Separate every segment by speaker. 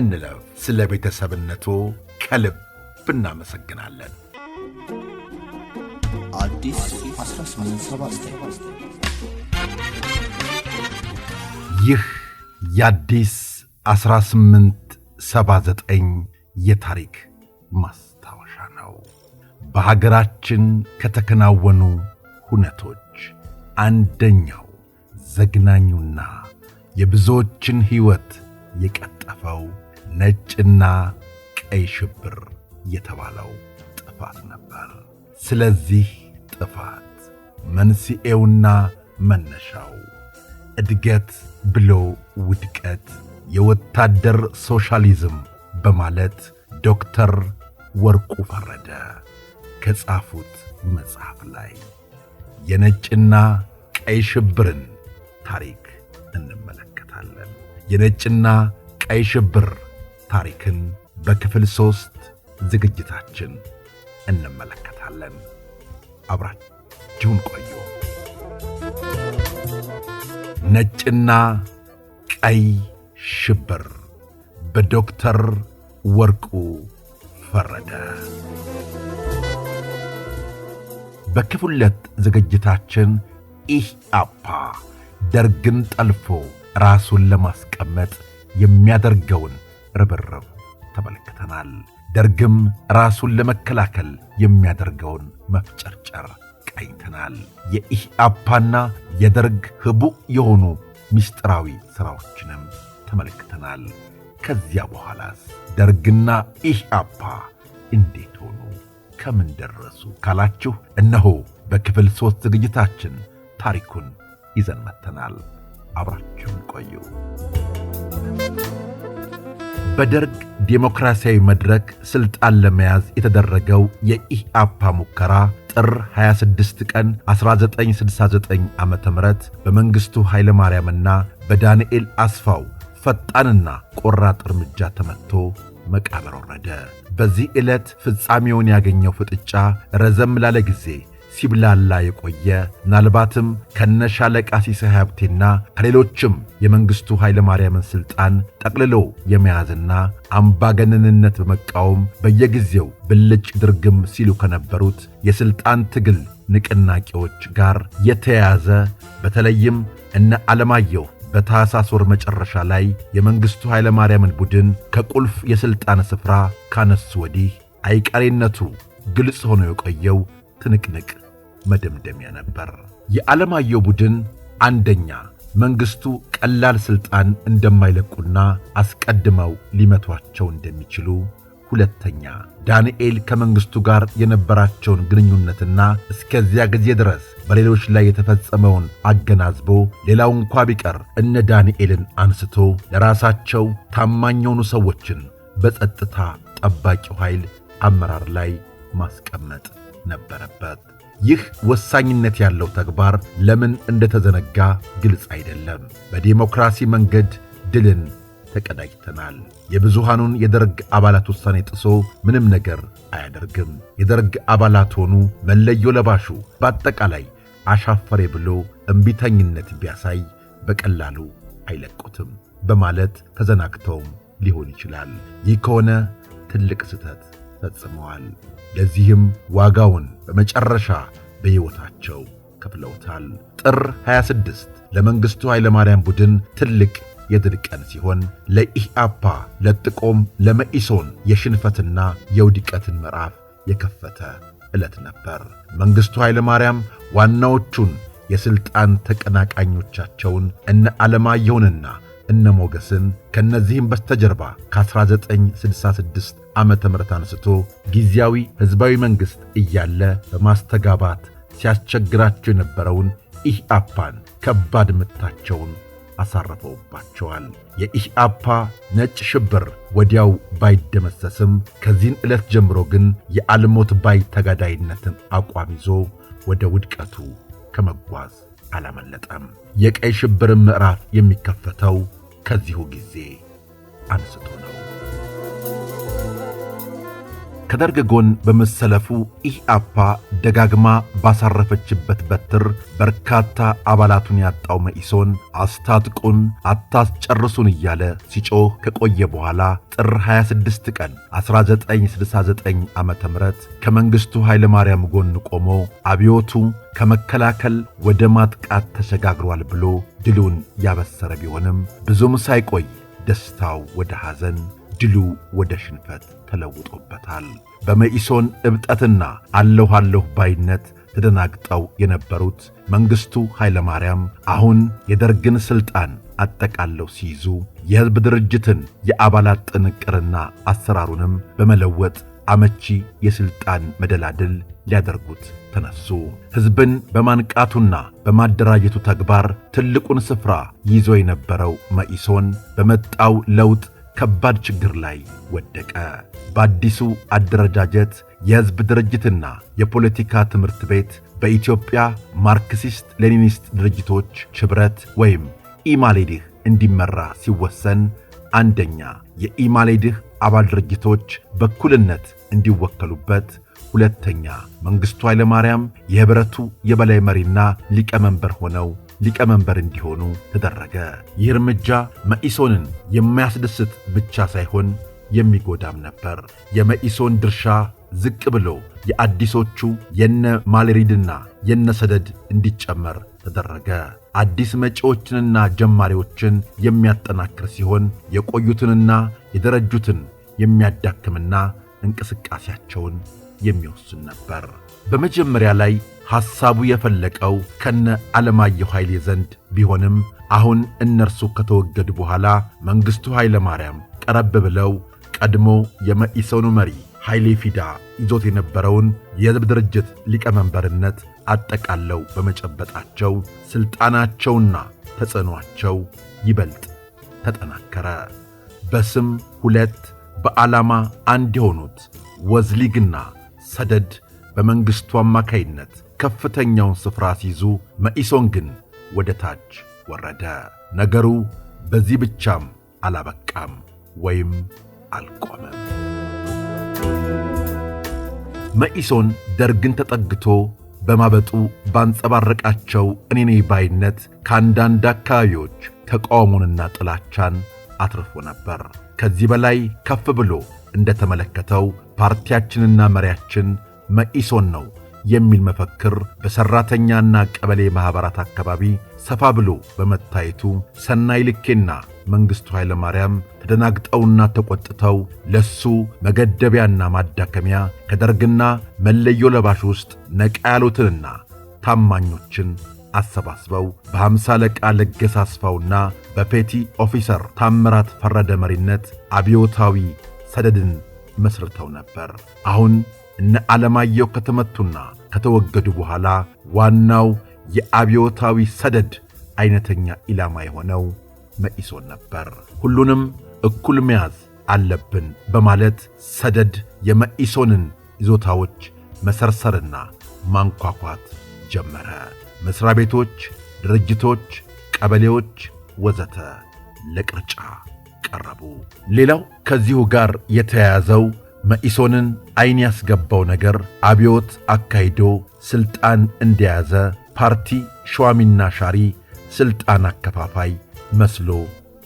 Speaker 1: እንለፍ። ስለ ቤተሰብነቱ ከልብ እናመሰግናለን። ይህ የአዲስ 1879 የታሪክ ማስታወሻ ነው። በሀገራችን ከተከናወኑ ሁነቶች አንደኛው ዘግናኙና የብዙዎችን ሕይወት የቀጠፈው ነጭና ቀይ ሽብር የተባለው ጥፋት ነበር። ስለዚህ ጥፋት መንስኤውና መነሻው እድገት ብሎ ውድቀት፣ የወታደር ሶሻሊዝም በማለት ዶክተር ወርቁ ፈረደ ከጻፉት መጽሐፍ ላይ የነጭና ቀይ ሽብርን ታሪክ እንመለከታለን። የነጭና ቀይ ሽብር ታሪክን በክፍል ሦስት ዝግጅታችን እንመለከታለን። አብራችሁን ቆዩ። ነጭና ቀይ ሽብር በዶክተር ወርቁ ፈረደ። በክፍል ሁለት ዝግጅታችን ኢህአፓ ደርግን ጠልፎ ራሱን ለማስቀመጥ የሚያደርገውን ርብርብ ተመልክተናል። ደርግም ራሱን ለመከላከል የሚያደርገውን መፍጨርጨር ቃኝተናል። የኢህአፓና የደርግ ህቡዕ የሆኑ ምስጢራዊ ሥራዎችንም ተመልክተናል። ከዚያ በኋላስ ደርግና ኢህአፓ እንዴት ሆኑ፣ ከምን ደረሱ ካላችሁ እነሆ በክፍል ሦስት ዝግጅታችን ታሪኩን ይዘን መጥተናል። አብራችሁን ቆዩ። በደርግ ዴሞክራሲያዊ መድረክ ሥልጣን ለመያዝ የተደረገው የኢህአፓ ሙከራ ጥር 26 ቀን 1969 ዓ ም በመንግሥቱ ኃይለማርያምና በዳንኤል አስፋው ፈጣንና ቆራጥ እርምጃ ተመትቶ መቃብር ወረደ። በዚህ ዕለት ፍጻሜውን ያገኘው ፍጥጫ ረዘም ላለ ጊዜ ሲብላላ የቆየ ምናልባትም ከነ ሻለቃ ሲሳይ ሀብቴና ከሌሎችም የመንግሥቱ ማርያምን ሥልጣን ጠቅልሎ የመያዝና አምባገነንነት በመቃወም በየጊዜው ብልጭ ድርግም ሲሉ ከነበሩት የሥልጣን ትግል ንቅናቄዎች ጋር የተያያዘ በተለይም እነ ዓለማየሁ በታኅሳስ ወር መጨረሻ ላይ የመንግሥቱ ማርያምን ቡድን ከቁልፍ የሥልጣን ስፍራ ካነሱ ወዲህ አይቀሬነቱ ግልጽ ሆኖ የቆየው ትንቅንቅ መደምደሚያ ነበር። የዓለማየሁ ቡድን አንደኛ መንግስቱ ቀላል ስልጣን እንደማይለቁና አስቀድመው ሊመቷቸው እንደሚችሉ፣ ሁለተኛ ዳንኤል ከመንግስቱ ጋር የነበራቸውን ግንኙነትና እስከዚያ ጊዜ ድረስ በሌሎች ላይ የተፈጸመውን አገናዝቦ ሌላው እንኳ ቢቀር እነ ዳንኤልን አንስቶ ለራሳቸው ታማኝ የሆኑ ሰዎችን በጸጥታ ጠባቂው ኃይል አመራር ላይ ማስቀመጥ ነበረበት። ይህ ወሳኝነት ያለው ተግባር ለምን እንደተዘነጋ ግልጽ አይደለም። በዲሞክራሲ መንገድ ድልን ተቀዳጅተናል። የብዙሃኑን የደርግ አባላት ውሳኔ ጥሶ ምንም ነገር አያደርግም። የደርግ አባላት ሆኑ መለዮ ለባሹ በአጠቃላይ አሻፈሬ ብሎ እምቢተኝነት ቢያሳይ በቀላሉ አይለቁትም በማለት ተዘናግተውም ሊሆን ይችላል። ይህ ከሆነ ትልቅ ስህተት ፈጽመዋል። ለዚህም ዋጋውን በመጨረሻ በሕይወታቸው ከፍለውታል። ጥር 26 ለመንግሥቱ ኃይለማርያም ቡድን ትልቅ የድል ቀን ሲሆን ለኢህአፓ፣ ለጥቆም፣ ለመኢሶን የሽንፈትና የውድቀትን ምዕራፍ የከፈተ ዕለት ነበር። መንግሥቱ ኃይለማርያም ዋናዎቹን የሥልጣን ተቀናቃኞቻቸውን እነ ዓለማየሁንና እነ ሞገስን ከእነዚህም በስተጀርባ ከ1966 ዓመተ ምህረት አንስቶ ጊዜያዊ ሕዝባዊ መንግሥት እያለ በማስተጋባት ሲያስቸግራቸው የነበረውን ኢህአፓን ከባድ ምታቸውን አሳረፈውባቸዋል። የኢህአፓ ነጭ ሽብር ወዲያው ባይደመሰስም ከዚህን ዕለት ጀምሮ ግን የአልሞት ባይ ተጋዳይነትን አቋም ይዞ ወደ ውድቀቱ ከመጓዝ አላመለጠም። የቀይ ሽብርን ምዕራፍ የሚከፈተው ከዚሁ ጊዜ አንስቶ ነው። ከደርግ ጎን በመሰለፉ ኢህአፓ ደጋግማ ባሳረፈችበት በትር በርካታ አባላቱን ያጣው መኢሶን አስታጥቁን አታስጨርሱን እያለ ሲጮህ ከቆየ በኋላ ጥር 26 ቀን 1969 ዓ ም ከመንግሥቱ ኃይለማርያም ጎን ቆሞ አብዮቱ ከመከላከል ወደ ማጥቃት ተሸጋግሯል ብሎ ድሉን ያበሰረ ቢሆንም ብዙም ሳይቆይ ደስታው ወደ ሐዘን፣ ድሉ ወደ ሽንፈት ተለውጦበታል። በመኢሶን እብጠትና አለሁ አለሁ ባይነት ተደናግጠው የነበሩት መንግሥቱ ኃይለማርያም አሁን የደርግን ሥልጣን አጠቃለው ሲይዙ የሕዝብ ድርጅትን የአባላት ጥንቅርና አሰራሩንም በመለወጥ አመቺ የሥልጣን መደላድል ሊያደርጉት ተነሱ። ሕዝብን በማንቃቱና በማደራጀቱ ተግባር ትልቁን ስፍራ ይዞ የነበረው መኢሶን በመጣው ለውጥ ከባድ ችግር ላይ ወደቀ። በአዲሱ አደረጃጀት የሕዝብ ድርጅትና የፖለቲካ ትምህርት ቤት በኢትዮጵያ ማርክሲስት ሌኒኒስት ድርጅቶች ኅብረት ወይም ኢማሌድህ እንዲመራ ሲወሰን፣ አንደኛ የኢማሌድህ አባል ድርጅቶች በኩልነት እንዲወከሉበት፣ ሁለተኛ መንግሥቱ ኃይለማርያም የኅብረቱ የበላይ መሪና ሊቀመንበር ሆነው ሊቀመንበር እንዲሆኑ ተደረገ። ይህ እርምጃ መኢሶንን የሚያስደስት ብቻ ሳይሆን የሚጎዳም ነበር። የመኢሶን ድርሻ ዝቅ ብሎ የአዲሶቹ የነ ማልሪድና የነ ሰደድ እንዲጨመር ተደረገ። አዲስ መጪዎችንና ጀማሪዎችን የሚያጠናክር ሲሆን የቆዩትንና የደረጁትን የሚያዳክምና እንቅስቃሴያቸውን የሚወስን ነበር። በመጀመሪያ ላይ ሐሳቡ የፈለቀው ከነ ዓለማየሁ ኃይሌ ዘንድ ቢሆንም አሁን እነርሱ ከተወገዱ በኋላ መንግሥቱ ኃይለ ማርያም ቀረብ ብለው ቀድሞ የመኢሰኑ መሪ ኃይሌ ፊዳ ይዞት የነበረውን የሕዝብ ድርጅት ሊቀመንበርነት አጠቃለው በመጨበጣቸው ሥልጣናቸውና ተጽዕኖአቸው ይበልጥ ተጠናከረ። በስም ሁለት በዓላማ አንድ የሆኑት ወዝሊግና ሰደድ በመንግሥቱ አማካይነት ከፍተኛውን ስፍራ ሲይዙ መኢሶን ግን ወደ ታች ወረደ። ነገሩ በዚህ ብቻም አላበቃም ወይም አልቆመም። መኢሶን ደርግን ተጠግቶ በማበጡ ባንጸባረቃቸው እኔኔ ባይነት ከአንዳንድ አካባቢዎች ተቃውሞንና ጥላቻን አትርፎ ነበር። ከዚህ በላይ ከፍ ብሎ እንደተመለከተው ፓርቲያችንና መሪያችን መኢሶን ነው የሚል መፈክር በሠራተኛና ቀበሌ ማኅበራት አካባቢ ሰፋ ብሎ በመታየቱ ሰናይ ልኬና መንግሥቱ ኃይለ ማርያም ተደናግጠውና ተቈጥተው ለሱ መገደቢያና ማዳከሚያ ከደርግና መለዮ ለባሽ ውስጥ ነቃ ያሉትንና ታማኞችን አሰባስበው በሐምሳ አለቃ ለገሰ አስፋውና በፔቲ ኦፊሰር ታምራት ፈረደ መሪነት አብዮታዊ ሰደድን መስርተው ነበር። አሁን እነ ዓለማየሁ ከተመቱና ከተወገዱ በኋላ ዋናው የአብዮታዊ ሰደድ አይነተኛ ኢላማ የሆነው መኢሶን ነበር። ሁሉንም እኩል መያዝ አለብን በማለት ሰደድ የመኢሶንን ይዞታዎች መሰርሰርና ማንኳኳት ጀመረ። መሥሪያ ቤቶች፣ ድርጅቶች፣ ቀበሌዎች ወዘተ ለቅርጫ ቀረቡ። ሌላው ከዚሁ ጋር የተያያዘው መኢሶንን ዐይን ያስገባው ነገር አብዮት አካሂዶ ሥልጣን እንደያዘ ፓርቲ ሸዋሚና ሻሪ ሥልጣን አከፋፋይ መስሎ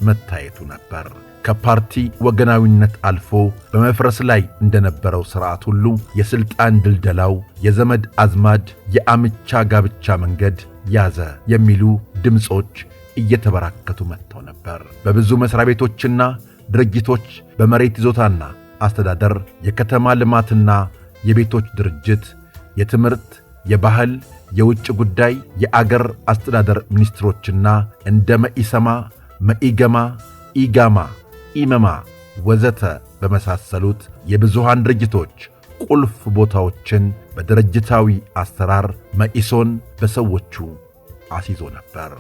Speaker 1: መታየቱ ነበር። ከፓርቲ ወገናዊነት አልፎ በመፍረስ ላይ እንደነበረው ሥርዓት ሁሉ የሥልጣን ድልደላው የዘመድ አዝማድ የአምቻ ጋብቻ መንገድ ያዘ የሚሉ ድምፆች እየተበራከቱ መጥተው ነበር። በብዙ መሥሪያ ቤቶችና ድርጅቶች በመሬት ይዞታና አስተዳደር፣ የከተማ ልማትና የቤቶች ድርጅት፣ የትምህርት፣ የባህል፣ የውጭ ጉዳይ፣ የአገር አስተዳደር ሚኒስትሮችና እንደ መኢሰማ፣ መኢገማ፣ ኢጋማ፣ ኢመማ ወዘተ በመሳሰሉት የብዙሃን ድርጅቶች ቁልፍ ቦታዎችን በድርጅታዊ አሰራር መኢሶን በሰዎቹ አስይዞ ነበር።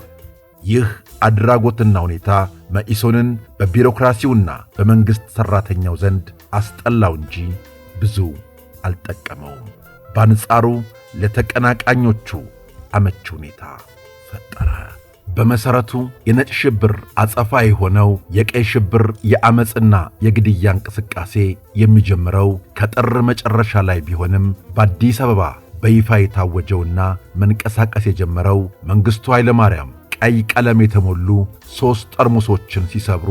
Speaker 1: ይህ አድራጎትና ሁኔታ መኢሶንን በቢሮክራሲውና በመንግሥት ሠራተኛው ዘንድ አስጠላው እንጂ ብዙ አልጠቀመውም። በአንጻሩ ለተቀናቃኞቹ አመቺ ሁኔታ ፈጠረ። በመሠረቱ የነጭ ሽብር አጸፋ የሆነው የቀይ ሽብር የአመፅና የግድያ እንቅስቃሴ የሚጀምረው ከጥር መጨረሻ ላይ ቢሆንም በአዲስ አበባ በይፋ የታወጀውና መንቀሳቀስ የጀመረው መንግሥቱ ኃይለማርያም ቀይ ቀለም የተሞሉ ሦስት ጠርሙሶችን ሲሰብሩ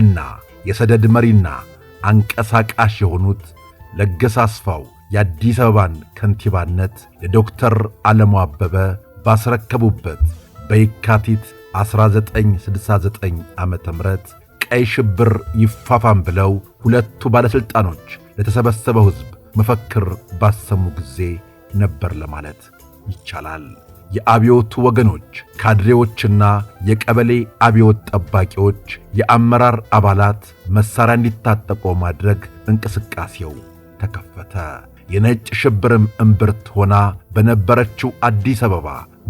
Speaker 1: እና የሰደድ መሪና አንቀሳቃሽ የሆኑት ለገሰ አስፋው የአዲስ አበባን ከንቲባነት ለዶክተር ዓለሙ አበበ ባስረከቡበት በየካቲት 1969 ዓ.ም ቀይ ሽብር ይፋፋም ብለው ሁለቱ ባለሥልጣኖች ለተሰበሰበው ሕዝብ መፈክር ባሰሙ ጊዜ ነበር ለማለት ይቻላል። የአብዮቱ ወገኖች ካድሬዎችና የቀበሌ አብዮት ጠባቂዎች፣ የአመራር አባላት መሣሪያ እንዲታጠቁ ማድረግ እንቅስቃሴው ተከፈተ። የነጭ ሽብርም እምብርት ሆና በነበረችው አዲስ አበባ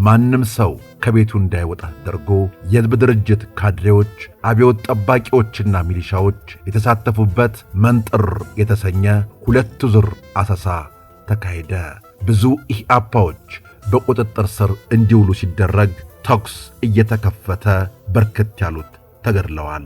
Speaker 1: ማንም ሰው ከቤቱ እንዳይወጣ ተደርጎ የሕዝብ ድርጅት ካድሬዎች፣ አብዮት ጠባቂዎችና ሚሊሻዎች የተሳተፉበት መንጥር የተሰኘ ሁለት ዙር አሰሳ ተካሄደ። ብዙ ኢህአፓዎች በቁጥጥር ስር እንዲውሉ ሲደረግ ተኩስ እየተከፈተ በርከት ያሉት ተገድለዋል፣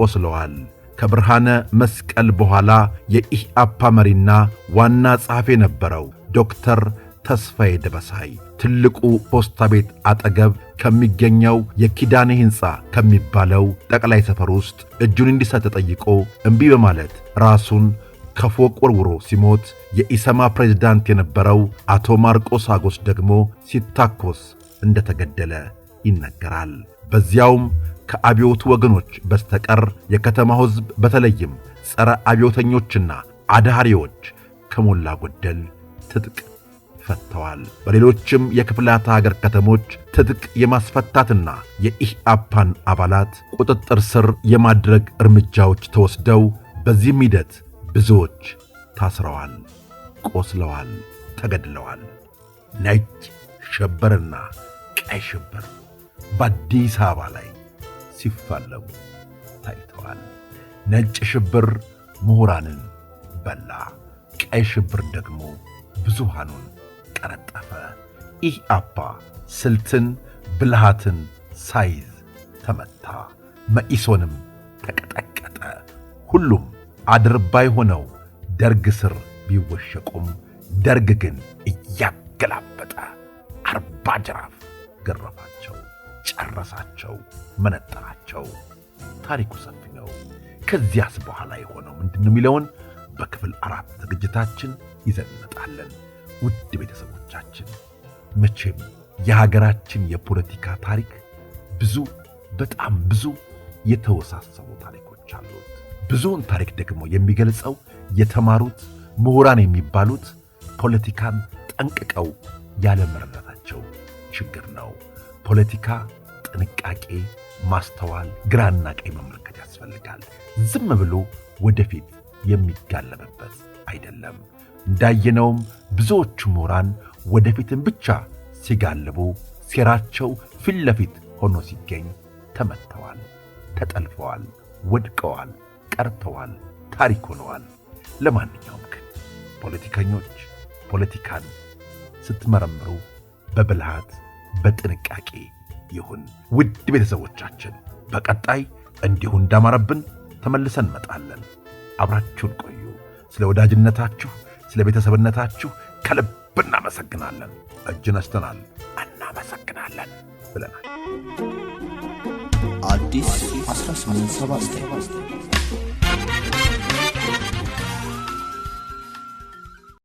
Speaker 1: ቆስለዋል። ከብርሃነ መስቀል በኋላ የኢህአፓ መሪና ዋና ጸሐፊ የነበረው ዶክተር ተስፋዬ ደበሳይ ትልቁ ፖስታ ቤት አጠገብ ከሚገኘው የኪዳኔ ሕንፃ ከሚባለው ጠቅላይ ሰፈር ውስጥ እጁን እንዲሰጥ ተጠይቆ እምቢ በማለት ራሱን ከፎቅ ወርውሮ ሲሞት የኢሰማ ፕሬዝዳንት የነበረው አቶ ማርቆስ አጎስ ደግሞ ሲታኮስ እንደተገደለ ይነገራል። በዚያውም ከአብዮት ወገኖች በስተቀር የከተማው ሕዝብ በተለይም ጸረ አብዮተኞችና አድሃሪዎች ከሞላ ጎደል ትጥቅ ፈተዋል። በሌሎችም የክፍላተ ሀገር ከተሞች ትጥቅ የማስፈታትና የኢህአፓን አባላት ቁጥጥር ስር የማድረግ እርምጃዎች ተወስደው በዚህም ሂደት ብዙዎች ታስረዋል፣ ቆስለዋል፣ ተገድለዋል። ነጭ ሸበርና ቀይ ሽብር በአዲስ አበባ ላይ ሲፋለሙ ታይተዋል። ነጭ ሽብር ምሁራንን በላ፣ ቀይ ሽብር ደግሞ ብዙሃኑን ቀረጠፈ። ይህ አባ ስልትን ብልሃትን ሳይዝ ተመታ፣ መኢሶንም ተቀጠቀጠ። ሁሉም አድርባይ ሆነው ደርግ ስር ቢወሸቁም ደርግ ግን እያገላበጠ አርባ ጅራፍ ገረፋቸው፣ ጨረሳቸው፣ መነጠራቸው። ታሪኩ ሰፊ ነው። ከዚያስ በኋላ የሆነው ምንድን ነው የሚለውን በክፍል አራት ዝግጅታችን ይዘን እንመጣለን። ውድ ቤተሰቦቻችን መቼም የሀገራችን የፖለቲካ ታሪክ ብዙ፣ በጣም ብዙ የተወሳሰቡ ታሪኮች አሉት። ብዙውን ታሪክ ደግሞ የሚገልጸው የተማሩት ምሁራን የሚባሉት ፖለቲካን ጠንቅቀው ያለመረዳታቸው ችግር ነው። ፖለቲካ ጥንቃቄ፣ ማስተዋል፣ ግራና ቀኝ መመልከት ያስፈልጋል። ዝም ብሎ ወደፊት የሚጋለብበት አይደለም። እንዳየነውም ብዙዎቹ ምሁራን ወደፊትን ብቻ ሲጋልቡ ሴራቸው ፊት ለፊት ሆኖ ሲገኝ ተመትተዋል፣ ተጠልፈዋል፣ ወድቀዋል። ቀርተዋል፣ ታሪክ ሆነዋል። ለማንኛውም ግን ፖለቲከኞች ፖለቲካን ስትመረምሩ በብልሃት በጥንቃቄ ይሁን። ውድ ቤተሰቦቻችን በቀጣይ እንዲሁ እንዳማረብን ተመልሰን እንመጣለን። አብራችሁን ቆዩ። ስለ ወዳጅነታችሁ፣ ስለ ቤተሰብነታችሁ ከልብ እናመሰግናለን። እጅ ነስተናል። እናመሰግናለን ብለናል። አዲስ 1879